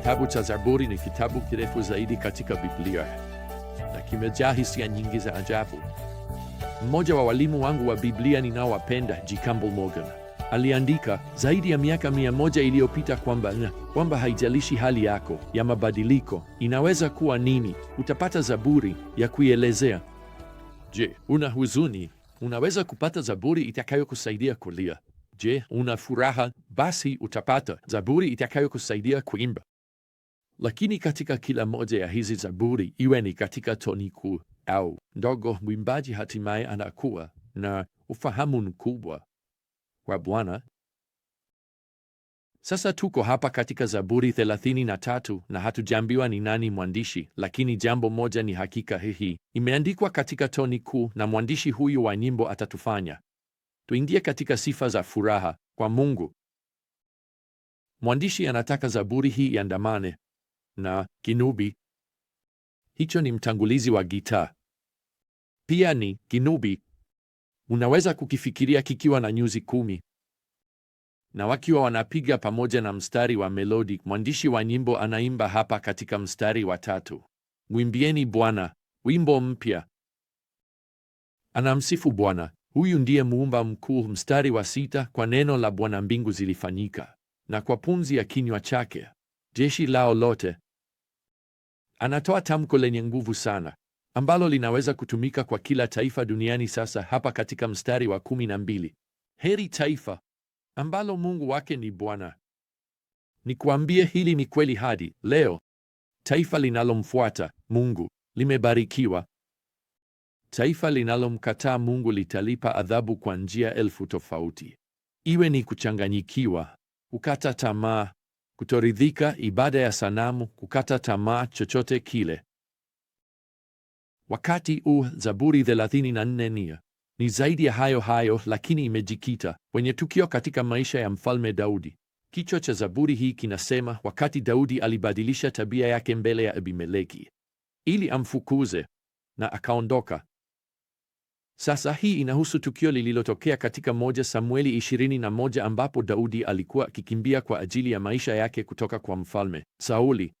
Kitabu cha Zaburi ni kitabu kirefu zaidi katika Biblia na kimejaa hisia nyingi za ajabu. Mmoja wa walimu wangu wa Biblia ninaowapenda G. Campbell Morgan aliandika zaidi ya miaka mia moja iliyopita kwamba kwamba haijalishi hali yako ya mabadiliko inaweza kuwa nini, utapata zaburi ya kuielezea. Je, una huzuni? Unaweza kupata zaburi itakayokusaidia kulia. Je, una furaha? Basi utapata zaburi itakayokusaidia kuimba. Lakini katika kila moja ya hizi zaburi, iwe ni katika toni kuu au ndogo, mwimbaji hatimaye anakuwa na ufahamu mkubwa wa Bwana. Sasa tuko hapa katika Zaburi 33 na hatujaambiwa ni nani mwandishi, lakini jambo moja ni hakika, hihi imeandikwa katika toni kuu, na mwandishi huyu wa nyimbo atatufanya tuingie katika sifa za furaha kwa Mungu. Mwandishi anataka zaburi hii iandamane na kinubi. Hicho ni mtangulizi wa gitaa. Pia ni kinubi. Unaweza kukifikiria kikiwa na nyuzi kumi na wakiwa wanapiga pamoja na mstari wa melodi. Mwandishi wa nyimbo anaimba hapa katika mstari wa tatu, mwimbieni Bwana wimbo mpya. Anamsifu Bwana, huyu ndiye muumba mkuu. Mstari wa sita, kwa neno la Bwana mbingu zilifanyika, na kwa pumzi ya kinywa chake jeshi lao lote Anatoa tamko lenye nguvu sana ambalo linaweza kutumika kwa kila taifa duniani sasa hapa katika mstari wa kumi na mbili. Heri taifa ambalo Mungu wake ni Bwana. Nikuambie hili ni kweli hadi leo. Taifa linalomfuata Mungu limebarikiwa. Taifa linalomkataa Mungu litalipa adhabu kwa njia elfu tofauti, iwe ni kuchanganyikiwa, ukata tamaa kutoridhika, ibada ya sanamu, kukata tamaa, chochote kile. Wakati u Zaburi 34 ni ni zaidi ya hayo hayo, lakini imejikita kwenye tukio katika maisha ya mfalme Daudi. Kichwa cha zaburi hii kinasema, wakati Daudi alibadilisha tabia yake mbele ya Abimeleki ili amfukuze na akaondoka. Sasa hii inahusu tukio lililotokea katika moja Samueli 21 ambapo Daudi alikuwa akikimbia kwa ajili ya maisha yake kutoka kwa mfalme Sauli.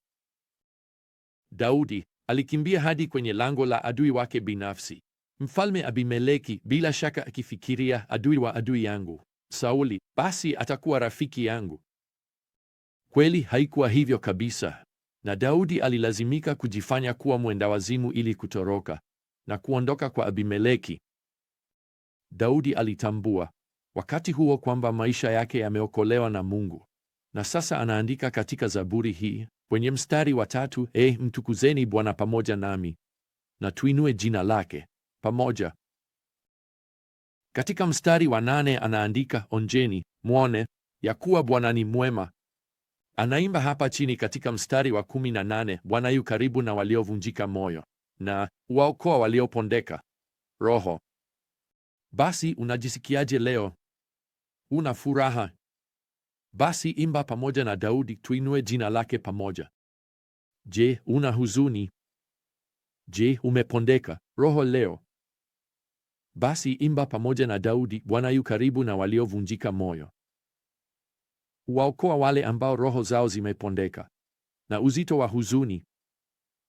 Daudi alikimbia hadi kwenye lango la adui wake binafsi, Mfalme Abimeleki, bila shaka akifikiria, adui wa adui yangu Sauli, basi atakuwa rafiki yangu. Kweli haikuwa hivyo kabisa, na Daudi alilazimika kujifanya kuwa mwendawazimu ili kutoroka na kuondoka kwa Abimeleki. Daudi alitambua wakati huo kwamba maisha yake yameokolewa na Mungu, na sasa anaandika katika Zaburi hii kwenye mstari wa tatu, e, mtukuzeni Bwana pamoja nami na tuinue jina lake pamoja. Katika mstari wa nane anaandika onjeni, mwone ya kuwa Bwana ni mwema. Anaimba hapa chini katika mstari wa kumi na nane, Bwana yu karibu na waliovunjika moyo na waokoa waliopondeka roho. Basi unajisikiaje leo? Una furaha? Basi imba pamoja na Daudi, tuinue jina lake pamoja. Je, una huzuni? Je, umepondeka roho leo? Basi imba pamoja na Daudi, Bwana yu karibu na waliovunjika moyo. Waokoa wale ambao roho zao zimepondeka na uzito wa huzuni.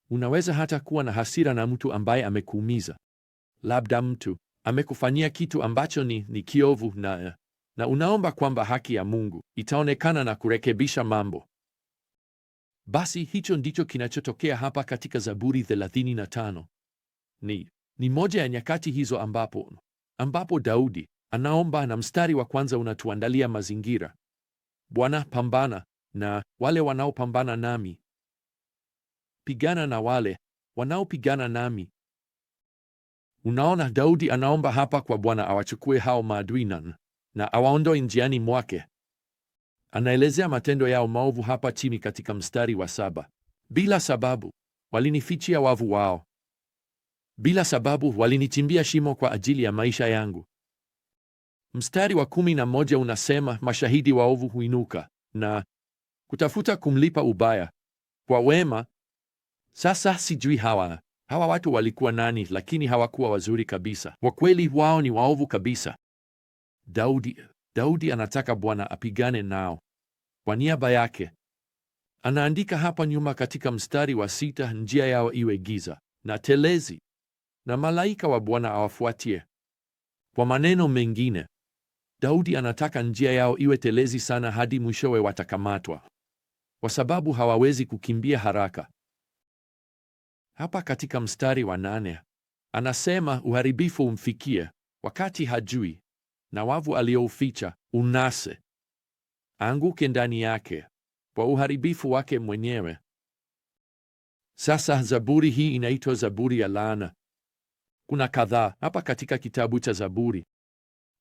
Unaweza hata kuwa na hasira na mtu ambaye amekuumiza, labda mtu amekufanyia kitu ambacho ni, ni kiovu na, na unaomba kwamba haki ya Mungu itaonekana na kurekebisha mambo. Basi hicho ndicho kinachotokea hapa katika Zaburi 35. Ni ni moja ya nyakati hizo ambapo ambapo Daudi anaomba na mstari wa kwanza unatuandalia mazingira. Bwana, pambana na wale wanaopambana nami, pigana na wale wanaopigana nami. Unaona, Daudi anaomba hapa kwa Bwana awachukue hao maadui na awaondoe njiani mwake. Anaelezea matendo yao maovu hapa chini katika mstari wa saba: bila sababu walinifichia wavu wao, bila sababu walinichimbia shimo kwa ajili ya maisha yangu. Mstari wa kumi na moja unasema mashahidi waovu huinuka na kutafuta kumlipa ubaya kwa wema. Sasa sijui hawa Hawa watu walikuwa nani? Lakini hawakuwa wazuri kabisa. Kwa kweli, wao ni waovu kabisa. Daudi Daudi anataka Bwana apigane nao kwa niaba yake. Anaandika hapa nyuma katika mstari wa sita, njia yao iwe giza na telezi, na malaika wa Bwana awafuatie. Kwa maneno mengine, Daudi anataka njia yao iwe telezi sana hadi mwishowe watakamatwa, kwa sababu hawawezi kukimbia haraka. Hapa katika mstari wa nane anasema uharibifu umfikie wakati hajui, na wavu aliyouficha unase, anguke ndani yake kwa uharibifu wake mwenyewe. Sasa zaburi hii inaitwa zaburi ya laana. Kuna kadhaa hapa katika kitabu cha Zaburi.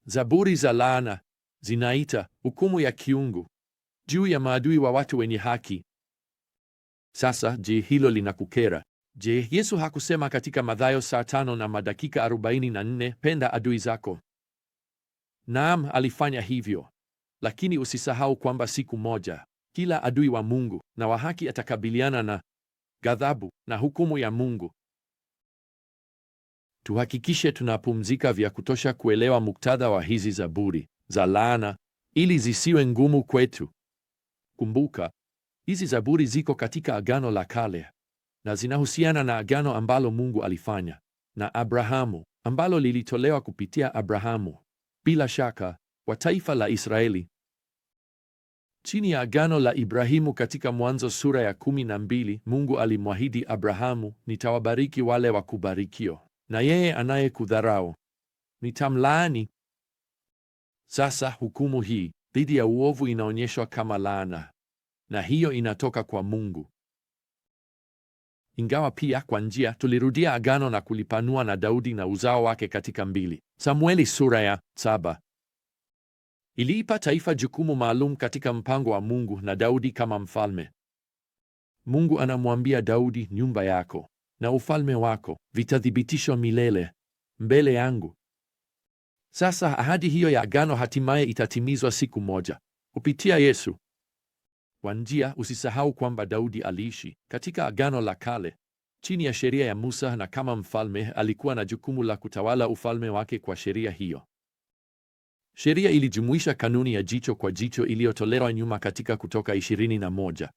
Zaburi za laana zinaita hukumu ya kiungu juu ya maadui wa watu wenye haki. Sasa je, hilo linakukera? Je, Yesu hakusema katika Mathayo saa tano na madakika 44, penda adui zako? Naam, alifanya hivyo, lakini usisahau kwamba siku moja kila adui wa Mungu na wa haki atakabiliana na ghadhabu na hukumu ya Mungu. Tuhakikishe tunapumzika vya kutosha kuelewa muktadha wa hizi zaburi za laana ili zisiwe ngumu kwetu. Kumbuka, hizi zaburi ziko katika Agano la Kale na zinahusiana na agano ambalo Mungu alifanya na Abrahamu, ambalo lilitolewa kupitia Abrahamu, bila shaka, kwa taifa la Israeli chini ya agano la Ibrahimu. Katika Mwanzo sura ya kumi na mbili, Mungu alimwahidi Abrahamu, nitawabariki wale wakubarikio na yeye anayekudharau nitamlaani. Sasa hukumu hii dhidi ya uovu inaonyeshwa kama laana, na hiyo inatoka kwa Mungu. Ingawa pia kwa njia tulirudia agano na kulipanua na Daudi na uzao wake katika mbili Samueli sura ya saba iliipa taifa jukumu maalum katika mpango wa Mungu na Daudi kama mfalme. Mungu anamwambia Daudi, nyumba yako na ufalme wako vitathibitishwa milele mbele yangu. Sasa ahadi hiyo ya agano hatimaye itatimizwa siku moja kupitia Yesu. Kwa njia, usisahau kwamba Daudi aliishi katika Agano la Kale chini ya sheria ya Musa, na kama mfalme alikuwa na jukumu la kutawala ufalme wake kwa sheria hiyo. Sheria ilijumuisha kanuni ya jicho kwa jicho iliyotolewa nyuma katika Kutoka 21.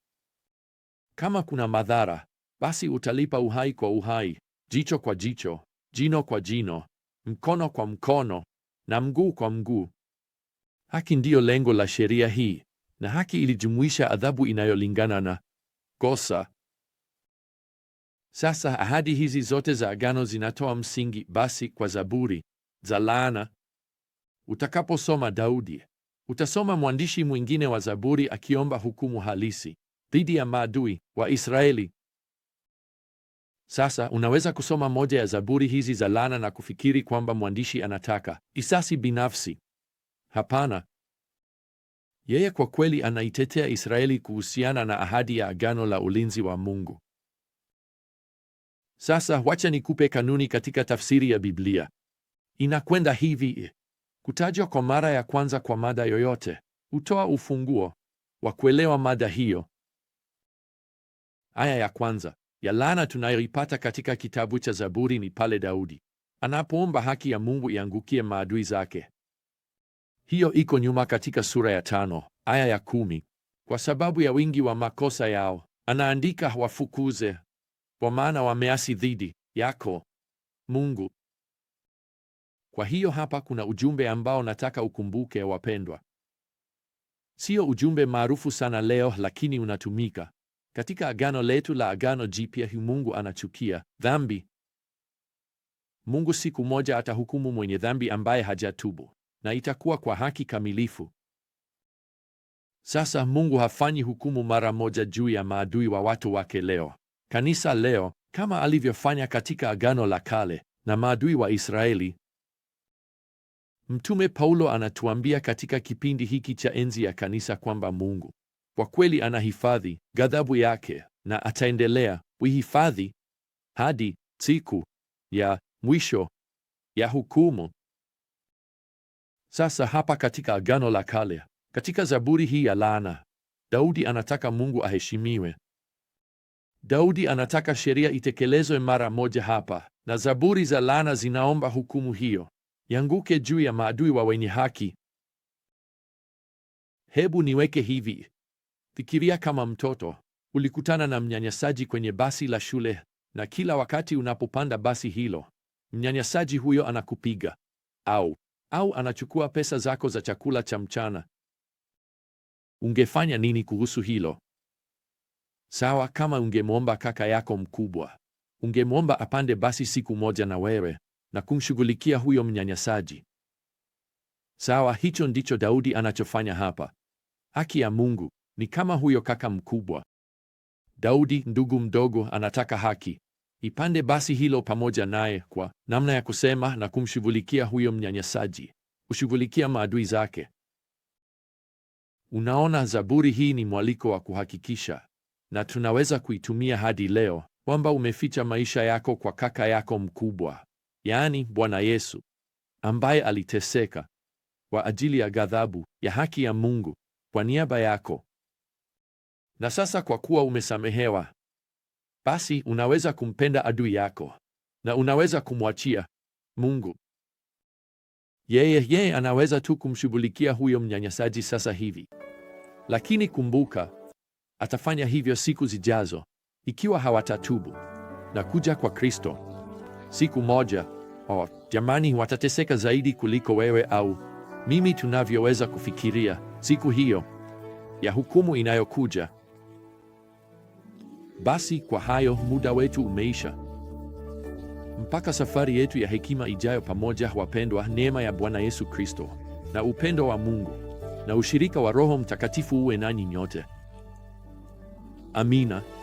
Kama kuna madhara, basi utalipa uhai kwa uhai, jicho kwa jicho, jino kwa jino, mkono kwa mkono na mguu kwa mguu. Haki ndiyo lengo la sheria hii na haki ilijumuisha adhabu inayolingana na kosa. Sasa ahadi hizi zote za agano zinatoa msingi basi kwa zaburi za laana. Utakaposoma Daudi, utasoma mwandishi mwingine wa zaburi akiomba hukumu halisi dhidi ya maadui wa Israeli. Sasa unaweza kusoma moja ya zaburi hizi za laana na kufikiri kwamba mwandishi anataka kisasi binafsi. Hapana. Yeye kwa kweli anaitetea Israeli kuhusiana na ahadi ya agano la ulinzi wa Mungu. Sasa wacha nikupe kanuni katika tafsiri ya Biblia. Inakwenda hivi: kutajwa kwa mara ya kwanza kwa mada yoyote hutoa ufunguo wa kuelewa mada hiyo. Aya ya kwanza ya laana tunayoipata katika kitabu cha Zaburi ni pale Daudi anapoomba haki ya Mungu iangukie maadui zake. Hiyo iko nyuma katika sura ya tano aya ya kumi. Kwa sababu ya wingi wa makosa yao anaandika, wafukuze, kwa maana wameasi dhidi yako Mungu. Kwa hiyo hapa kuna ujumbe ambao nataka ukumbuke, wapendwa. Sio ujumbe maarufu sana leo, lakini unatumika katika agano letu la Agano Jipya. Mungu anachukia dhambi. Mungu siku moja atahukumu mwenye dhambi ambaye hajatubu na itakuwa kwa haki kamilifu. Sasa Mungu hafanyi hukumu mara moja juu ya maadui wa watu wake leo, kanisa leo, kama alivyofanya katika Agano la Kale na maadui wa Israeli. Mtume Paulo anatuambia katika kipindi hiki cha enzi ya kanisa kwamba Mungu kwa kweli anahifadhi ghadhabu yake na ataendelea kuihifadhi hadi siku ya mwisho ya hukumu. Sasa hapa katika Agano la Kale, katika Zaburi hii ya laana, Daudi anataka Mungu aheshimiwe. Daudi anataka sheria itekelezwe mara moja hapa, na Zaburi za laana zinaomba hukumu hiyo yanguke juu ya maadui wa wenye haki. Hebu niweke hivi. Fikiria kama mtoto ulikutana na mnyanyasaji kwenye basi la shule, na kila wakati unapopanda basi hilo, mnyanyasaji huyo anakupiga au au anachukua pesa zako za chakula cha mchana. Ungefanya nini kuhusu hilo? Sawa, kama ungemwomba kaka yako mkubwa, ungemwomba apande basi siku moja na wewe na kumshughulikia huyo mnyanyasaji. Sawa, hicho ndicho Daudi anachofanya hapa. Haki ya Mungu ni kama huyo kaka mkubwa. Daudi, ndugu mdogo, anataka haki. Ipande basi hilo pamoja naye kwa namna ya kusema na kumshughulikia huyo mnyanyasaji, kushughulikia maadui zake. Unaona, Zaburi hii ni mwaliko wa kuhakikisha, na tunaweza kuitumia hadi leo, kwamba umeficha maisha yako kwa kaka yako mkubwa, yaani Bwana Yesu, ambaye aliteseka kwa ajili ya ghadhabu ya haki ya Mungu kwa niaba yako. Na sasa kwa kuwa umesamehewa basi unaweza kumpenda adui yako na unaweza kumwachia Mungu. Yeye yeye anaweza tu kumshughulikia huyo mnyanyasaji sasa hivi, lakini kumbuka, atafanya hivyo siku zijazo ikiwa hawatatubu na kuja kwa Kristo. Siku moja, oh, jamani, watateseka zaidi kuliko wewe au mimi tunavyoweza kufikiria siku hiyo ya hukumu inayokuja. Basi kwa hayo, muda wetu umeisha. Mpaka safari yetu ya hekima ijayo pamoja, wapendwa, neema ya Bwana Yesu Kristo na upendo wa Mungu na ushirika wa Roho Mtakatifu uwe nanyi nyote. Amina.